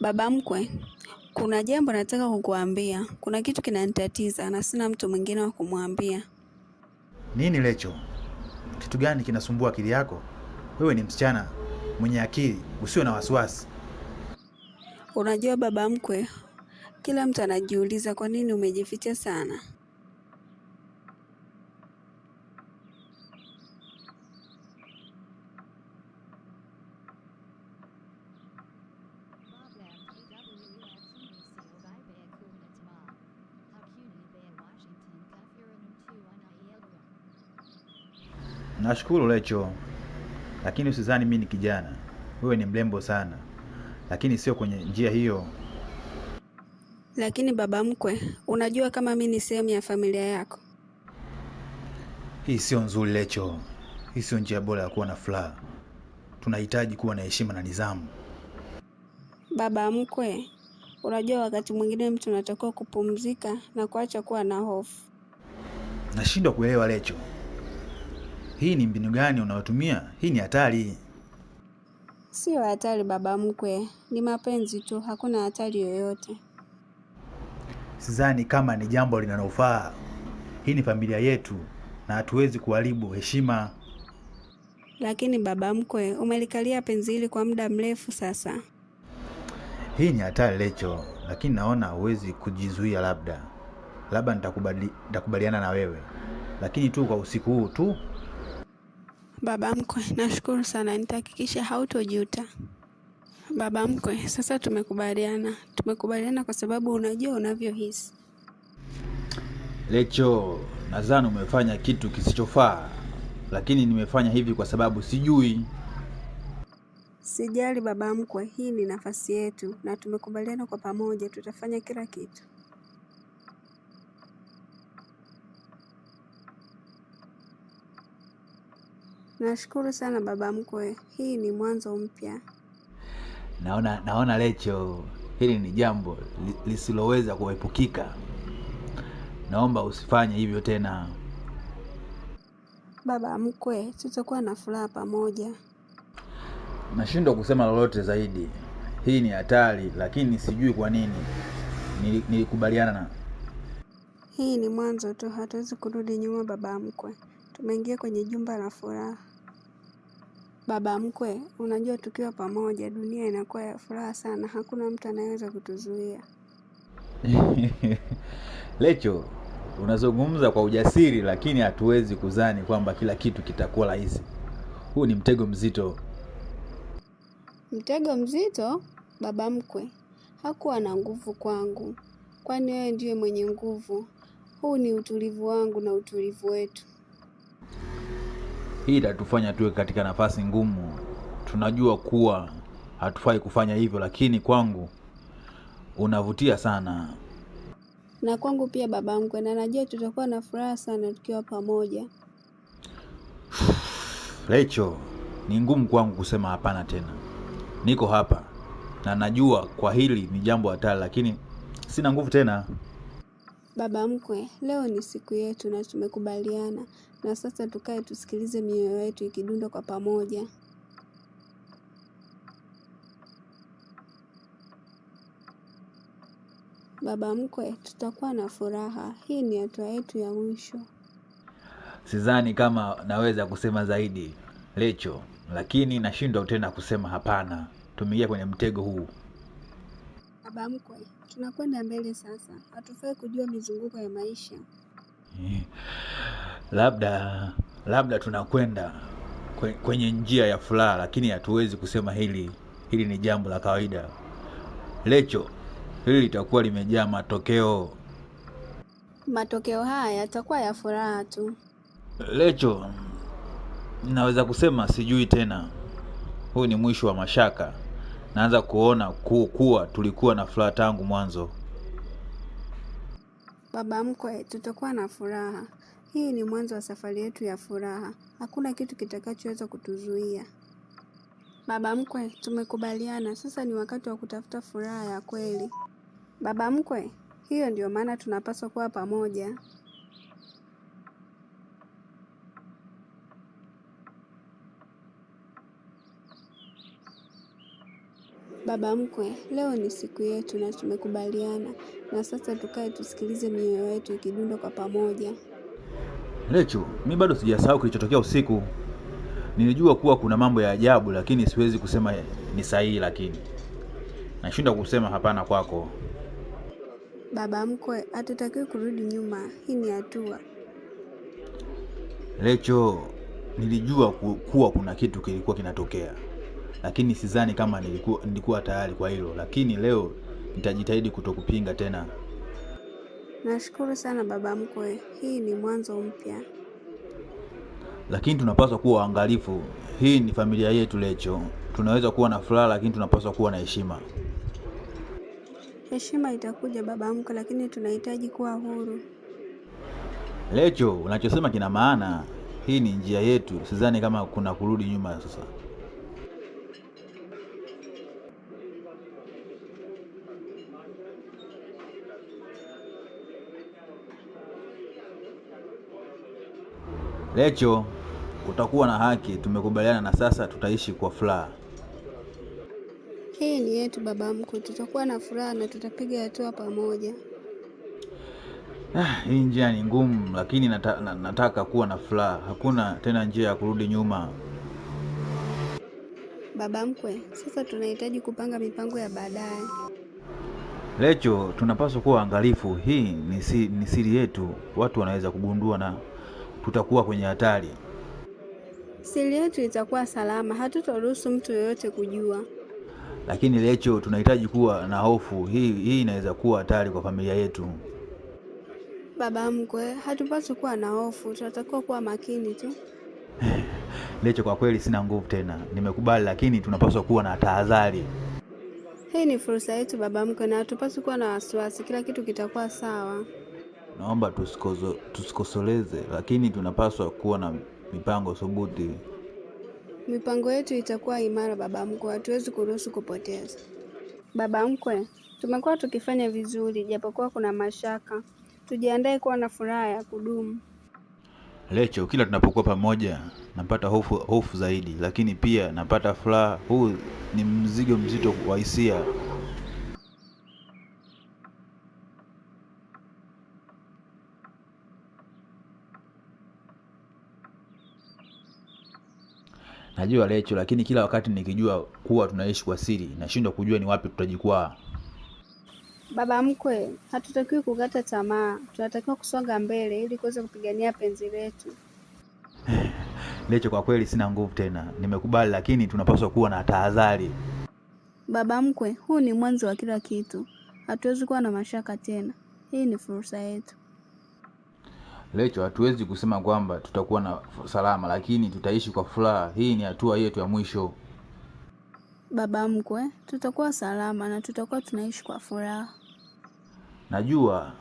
Baba mkwe, kuna jambo nataka kukuambia. Kuna kitu kinanitatiza na sina mtu mwingine wa kumwambia. Nini Lecho? Kitu gani kinasumbua akili yako? Wewe ni msichana mwenye akili, usio na wasiwasi. Unajua baba mkwe, kila mtu anajiuliza kwa nini umejificha sana. Nashukuru Lecho, lakini usizani mimi ni kijana, wewe ni mrembo sana, lakini sio kwenye njia hiyo. Lakini baba mkwe, unajua kama mimi ni sehemu ya familia yako. Hii sio nzuri Lecho, hii sio njia bora ya kuwa na furaha. Tunahitaji kuwa na heshima na nizamu Baba mkwe, unajua wakati mwingine mtu anatakiwa kupumzika na kuacha kuwa na hofu. Nashindwa kuelewa Lecho. Hii ni mbinu gani unayotumia? Hii ni hatari. Siyo hatari baba mkwe, ni mapenzi tu, hakuna hatari yoyote. Sidhani kama ni jambo linalofaa. Hii ni familia yetu na hatuwezi kuharibu heshima. Lakini baba mkwe, umelikalia penzi hili kwa muda mrefu sasa. Hii ni hatari Lecho, lakini naona huwezi kujizuia. Labda labda nitakubali, nitakubaliana na wewe, lakini tu kwa usiku huu tu. Baba mkwe, nashukuru sana, nitahakikisha hautojuta. Baba mkwe, sasa tumekubaliana, tumekubaliana kwa sababu unajua unavyohisi. Lecho, nadhani umefanya kitu kisichofaa, lakini nimefanya hivi kwa sababu sijui. Sijali baba mkwe, hii ni nafasi yetu na tumekubaliana kwa pamoja, tutafanya kila kitu. Nashukuru sana baba mkwe, hii ni mwanzo mpya. Naona, naona Lecho, hili ni jambo lisiloweza kuepukika. Naomba usifanye hivyo tena. Baba mkwe, tutakuwa na furaha pamoja. Nashindwa kusema lolote zaidi. Hii ni hatari, lakini sijui kwa nini nilikubaliana. Hii ni mwanzo tu, hatuwezi kurudi nyuma baba mkwe. Tumeingia kwenye jumba la furaha. Baba mkwe, unajua tukiwa pamoja dunia inakuwa ya furaha sana, hakuna mtu anayeweza kutuzuia. Lecho, unazungumza kwa ujasiri, lakini hatuwezi kudhani kwamba kila kitu kitakuwa rahisi. Huu ni mtego mzito. Mtego mzito? Baba mkwe hakuwa na nguvu kwangu, kwani wewe ndiye mwenye nguvu. Huu ni utulivu wangu na utulivu wetu. Hii itatufanya tuwe katika nafasi ngumu. Tunajua kuwa hatufai kufanya hivyo, lakini kwangu unavutia sana na kwangu pia baba mkwe, na najua tutakuwa na furaha sana tukiwa pamoja. Lecho, ni ngumu kwangu kusema hapana tena. Niko hapa na najua kwa hili ni jambo hatari, lakini sina nguvu tena. Baba mkwe, leo ni siku yetu na tumekubaliana, na sasa tukae tusikilize mioyo yetu ikidunda kwa pamoja. Baba mkwe, tutakuwa na furaha. Hii ni hatua yetu ya mwisho. Sidhani kama naweza kusema zaidi Lecho, lakini nashindwa tena kusema hapana. Tumeingia kwenye mtego huu. Baba mkwe, tunakwenda mbele sasa. Hatufai kujua mizunguko ya maisha. Eh, labda labda tunakwenda kwenye njia ya furaha, lakini hatuwezi kusema hili hili ni jambo la kawaida. Lecho, hili litakuwa limejaa matokeo. Matokeo haya yatakuwa ya furaha tu. Lecho, naweza kusema sijui tena. Huu ni mwisho wa mashaka. Naanza kuona kuwa tulikuwa na furaha tangu mwanzo. Baba mkwe, tutakuwa na furaha. Hii ni mwanzo wa safari yetu ya furaha. Hakuna kitu kitakachoweza kutuzuia. Baba mkwe, tumekubaliana. Sasa ni wakati wa kutafuta furaha ya kweli. Baba mkwe, hiyo ndiyo maana tunapaswa kuwa pamoja. Baba mkwe, leo ni siku yetu na tumekubaliana, na sasa tukae tusikilize mioyo yetu ikidunda kwa pamoja. Lechu, mi bado sijasahau kilichotokea usiku. Nilijua kuwa kuna mambo ya ajabu, lakini siwezi kusema ni sahihi, lakini nashindwa kusema hapana kwako. Baba mkwe, hatutakiwi kurudi nyuma, hii ni hatua. Lecho, nilijua kuwa kuna kitu kilikuwa kinatokea lakini sidhani kama nilikuwa, nilikuwa tayari kwa hilo, lakini leo nitajitahidi kutokupinga tena. Nashukuru sana baba mkwe, hii ni mwanzo mpya, lakini tunapaswa kuwa waangalifu. Hii ni familia yetu Lecho, tunaweza kuwa na furaha, lakini tunapaswa kuwa na heshima. Heshima itakuja baba mkwe, lakini tunahitaji kuwa huru. Lecho, unachosema kina maana. Hii ni njia yetu, sidhani kama kuna kurudi nyuma sasa. Lecho, utakuwa na haki, tumekubaliana na sasa tutaishi kwa furaha. Hii ni yetu baba mkwe, tutakuwa na furaha na tutapiga hatua pamoja. Ah, hii njia ni ngumu, lakini nata, nataka kuwa na furaha. Hakuna tena njia ya kurudi nyuma. Baba mkwe, sasa tunahitaji kupanga mipango ya baadaye. Lecho, tunapaswa kuwa angalifu. Hii ni siri yetu, watu wanaweza kugundua na tutakuwa kwenye hatari. Siri yetu itakuwa salama, hatutaruhusu mtu yoyote kujua. Lakini Lecho, tunahitaji kuwa na hofu hii. Hii inaweza kuwa hatari kwa familia yetu. Baba mkwe, hatupaswi kuwa na hofu, tunatakiwa kuwa makini tu. Lecho, kwa kweli sina nguvu tena, nimekubali, lakini tunapaswa kuwa na tahadhari. Hii ni fursa yetu baba mkwe, na hatupaswi kuwa na wasiwasi. Kila kitu kitakuwa sawa naomba tusikosoleze, lakini tunapaswa kuwa na mipango thubuti. Mipango yetu itakuwa imara, baba mkwe. Hatuwezi kuruhusu kupoteza. Baba mkwe, tumekuwa tukifanya vizuri japokuwa kuna mashaka. Tujiandae kuwa na furaha ya kudumu. Lecho, kila tunapokuwa pamoja napata hofu, hofu zaidi, lakini pia napata furaha. Huu ni mzigo mzito wa hisia. najua Lecho, lakini kila wakati nikijua kuwa tunaishi kwa siri nashindwa kujua ni wapi tutajikwaa. Baba mkwe, hatutakiwi kukata tamaa, tunatakiwa kusonga mbele ili kuweza kupigania penzi letu. Lecho, kwa kweli sina nguvu tena, nimekubali, lakini tunapaswa kuwa na tahadhari. Baba mkwe, huu ni mwanzo wa kila kitu, hatuwezi kuwa na mashaka tena. Hii ni fursa yetu. Lecho hatuwezi kusema kwamba tutakuwa na salama, lakini tutaishi kwa furaha. Hii ni hatua yetu ya mwisho. Baba mkwe, tutakuwa salama na tutakuwa tunaishi kwa furaha. Najua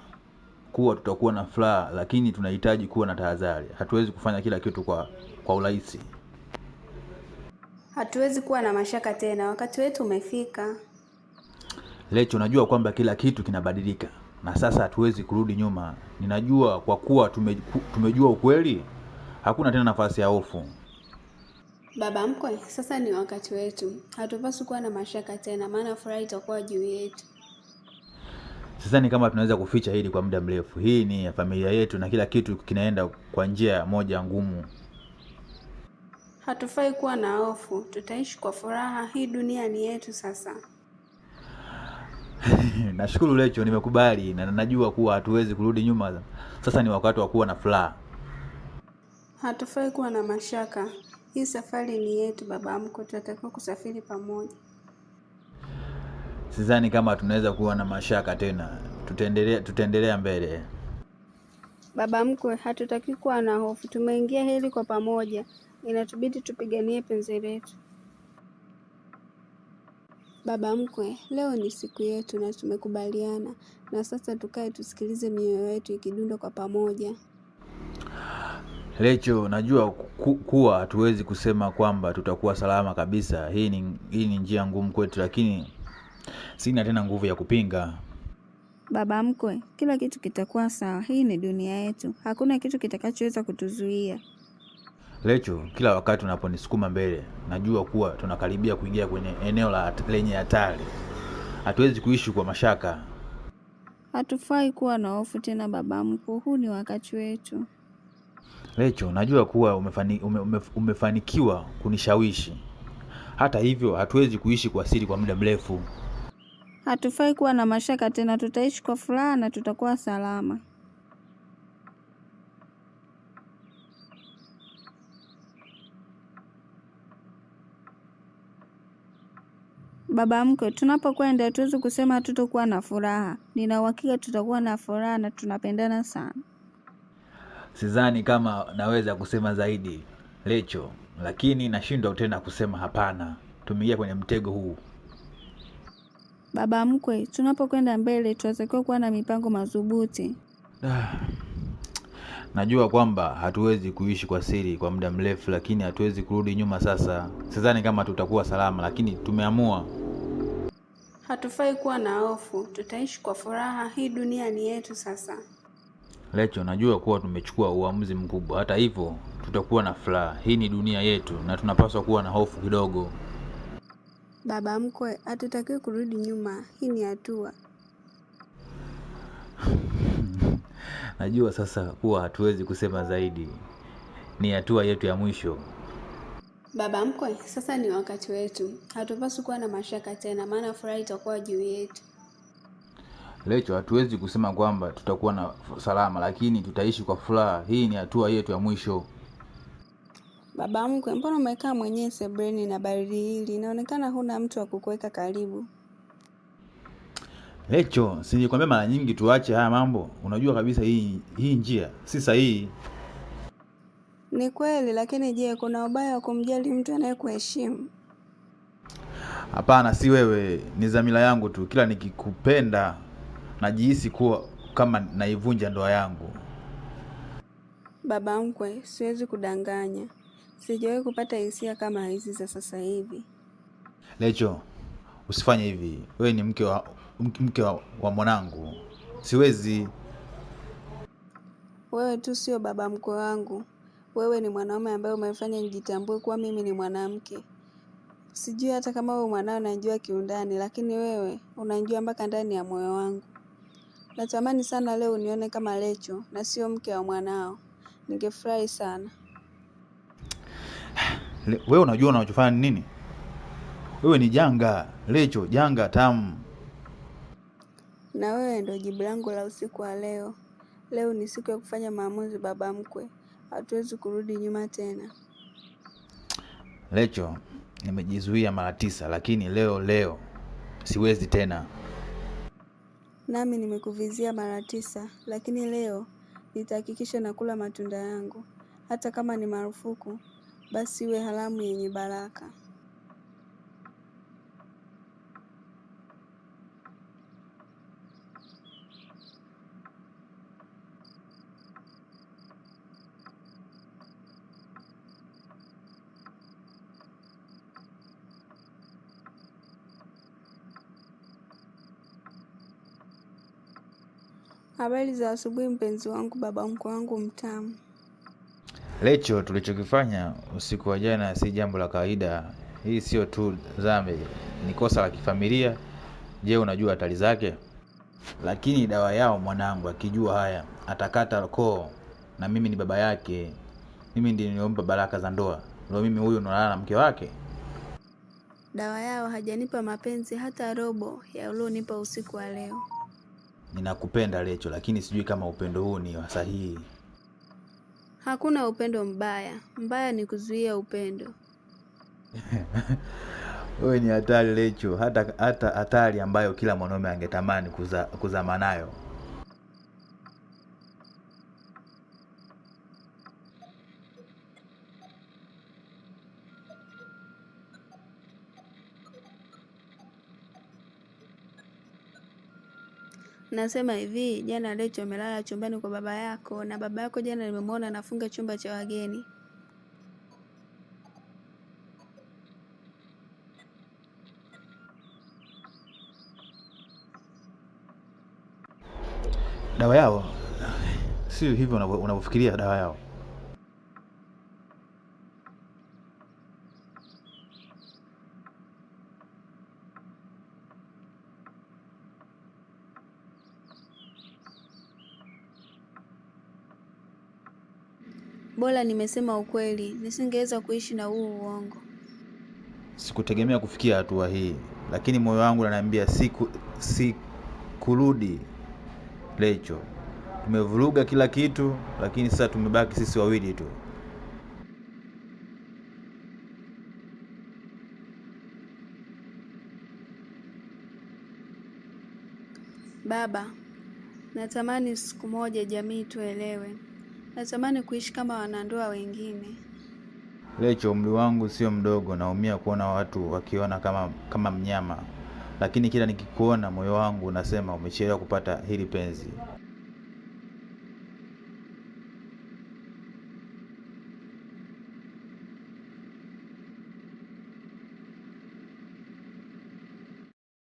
kuwa tutakuwa na furaha, lakini tunahitaji kuwa na tahadhari. Hatuwezi kufanya kila kitu kwa, kwa urahisi. Hatuwezi kuwa na mashaka tena, wakati wetu umefika. Lecho, najua kwamba kila kitu kinabadilika na sasa hatuwezi kurudi nyuma. Ninajua kwa kuwa tume, tumejua ukweli, hakuna tena nafasi ya hofu. Baba mkwe, sasa ni wakati wetu, hatupaswi kuwa na mashaka tena, maana furaha itakuwa juu yetu. Sasa ni kama tunaweza kuficha hili kwa muda mrefu. Hii ni ya familia yetu na kila kitu kinaenda kwa njia moja ngumu. Hatufai kuwa na hofu, tutaishi kwa furaha. Hii dunia ni yetu sasa. nashukuru Lecho, nimekubali na najua kuwa hatuwezi kurudi nyuma. Sasa ni wakati wa kuwa na furaha. Hatufai kuwa na mashaka, hii safari ni yetu baba mkwe, tunatakiwa kusafiri pamoja. Sidhani kama tunaweza kuwa na mashaka tena, tutaendelea tutaendelea mbele. Baba mkwe, hatutaki kuwa na hofu, tumeingia heli kwa pamoja, inatubidi tupiganie penzi letu. Baba mkwe, leo ni siku yetu na tumekubaliana, na sasa tukae tusikilize mioyo yetu ikidunda kwa pamoja. Lecho, najua ku, kuwa hatuwezi kusema kwamba tutakuwa salama kabisa. Hii ni, hii ni njia ngumu kwetu, lakini sina tena nguvu ya kupinga. Baba mkwe, kila kitu kitakuwa sawa. Hii ni dunia yetu, hakuna kitu kitakachoweza kutuzuia. Lecho, kila wakati unaponisukuma mbele, najua kuwa tunakaribia kuingia kwenye eneo la lenye hatari. Hatuwezi kuishi kwa mashaka. Hatufai kuwa na hofu tena baba mkuu, huu ni wakati wetu. Lecho, najua kuwa umefani, ume, ume, umefanikiwa kunishawishi. Hata hivyo, hatuwezi kuishi kwa siri kwa muda mrefu. Hatufai kuwa na mashaka tena, tutaishi kwa furaha na tutakuwa salama. Baba mkwe, tunapokwenda tuwezi kusema hatutokuwa na furaha. Nina uhakika tutakuwa na furaha na tunapendana sana. Sidhani kama naweza kusema zaidi Lecho, lakini nashindwa tena kusema hapana. Tumeingia kwenye mtego huu. Baba mkwe, tunapokwenda mbele tunatakiwa kuwa na mipango madhubuti. Ah, najua kwamba hatuwezi kuishi kwa siri kwa muda mrefu, lakini hatuwezi kurudi nyuma sasa. Sidhani kama tutakuwa salama, lakini tumeamua Hatufai kuwa na hofu, tutaishi kwa furaha. Hii dunia ni yetu sasa. Lecho, najua kuwa tumechukua uamuzi mkubwa. Hata hivyo, tutakuwa na furaha. Hii ni dunia yetu na tunapaswa kuwa na hofu kidogo. Baba mkwe, hatutakiwi kurudi nyuma. Hii ni hatua. Najua sasa kuwa hatuwezi kusema zaidi, ni hatua yetu ya mwisho. Baba mkwe, sasa ni wakati wetu, hatupaswi kuwa na mashaka tena, maana furaha itakuwa juu yetu. Lecho, hatuwezi kusema kwamba tutakuwa na salama, lakini tutaishi kwa furaha. Hii ni hatua yetu ya mwisho. Baba mkwe, mbona umekaa mwenyewe sebreni na baridi hili? Inaonekana huna mtu wa kukuweka karibu. Lecho, sinikwambia mara nyingi tuache haya mambo? Unajua kabisa hii, hii njia si sahihi. Ni kweli, lakini je, kuna ubaya wa kumjali mtu anayekuheshimu? Hapana, si wewe, ni dhamira yangu tu. Kila nikikupenda najihisi kuwa kama naivunja ndoa yangu. Baba mkwe, siwezi kudanganya, sijawahi kupata hisia kama hizi za sasa hivi. Lecho, usifanye hivi, wewe ni mke wa, mke wa, wa mwanangu. Siwezi. Wewe tu sio baba mkwe wangu, wewe ni mwanaume ambaye umefanya nijitambue kuwa mimi ni mwanamke. Sijui hata kama wewe mwanao unanijua kiundani, lakini wewe unanijua mpaka ndani ya moyo wangu. Natamani sana leo unione kama Lecho na sio mke wa mwanao. Ningefurahi sana. Wewe unajua unachofanya ni nini? Wewe ni janga, Lecho janga tamu. Na wewe ndio jibu langu la usiku wa leo. Leo ni siku ya kufanya maamuzi, baba mkwe hatuwezi kurudi nyuma tena. Lecho, nimejizuia mara tisa, lakini leo leo siwezi tena. Nami nimekuvizia mara tisa, lakini leo nitahakikisha nakula matunda yangu, hata kama ni marufuku, basi iwe haramu yenye baraka. Habari za asubuhi mpenzi wangu, baba mkwe wangu mtamu. Lecho, tulichokifanya usiku wa jana si jambo la kawaida. Hii sio tu dhambi, ni kosa la kifamilia. Je, unajua hatari zake? Lakini dawa yao mwanangu, akijua haya atakata koo, na mimi ni baba yake. Mimi ndiye niliompa baraka za ndoa, ndio mimi huyu nalala na mke wake. Dawa yao hajanipa mapenzi hata robo ya ulionipa usiku wa leo. Ninakupenda Lecho, lakini sijui kama upendo huu ni wa sahihi. Hakuna upendo mbaya, mbaya ni kuzuia upendo. Wewe ni hatari Lecho, hata hata hatari ambayo kila mwanaume angetamani kuzama nayo. Nasema hivi, jana Rachel amelala chumbani kwa baba yako, na baba yako jana nimemwona anafunga chumba cha wageni. Dawa yao sio hivyo unavyofikiria, dawa yao Bora nimesema ukweli, nisingeweza kuishi na huu uongo. Sikutegemea kufikia hatua hii, lakini moyo wangu unaniambia siku sikurudi. Lecho, tumevuruga kila kitu, lakini sasa tumebaki sisi wawili tu. Baba, natamani siku moja jamii tuelewe. Natamani kuishi kama wanandoa wengine. Lecho, umri wangu sio mdogo, naumia kuona watu wakiona kama, kama mnyama, lakini kila nikikuona moyo wangu unasema umechelewa kupata hili penzi.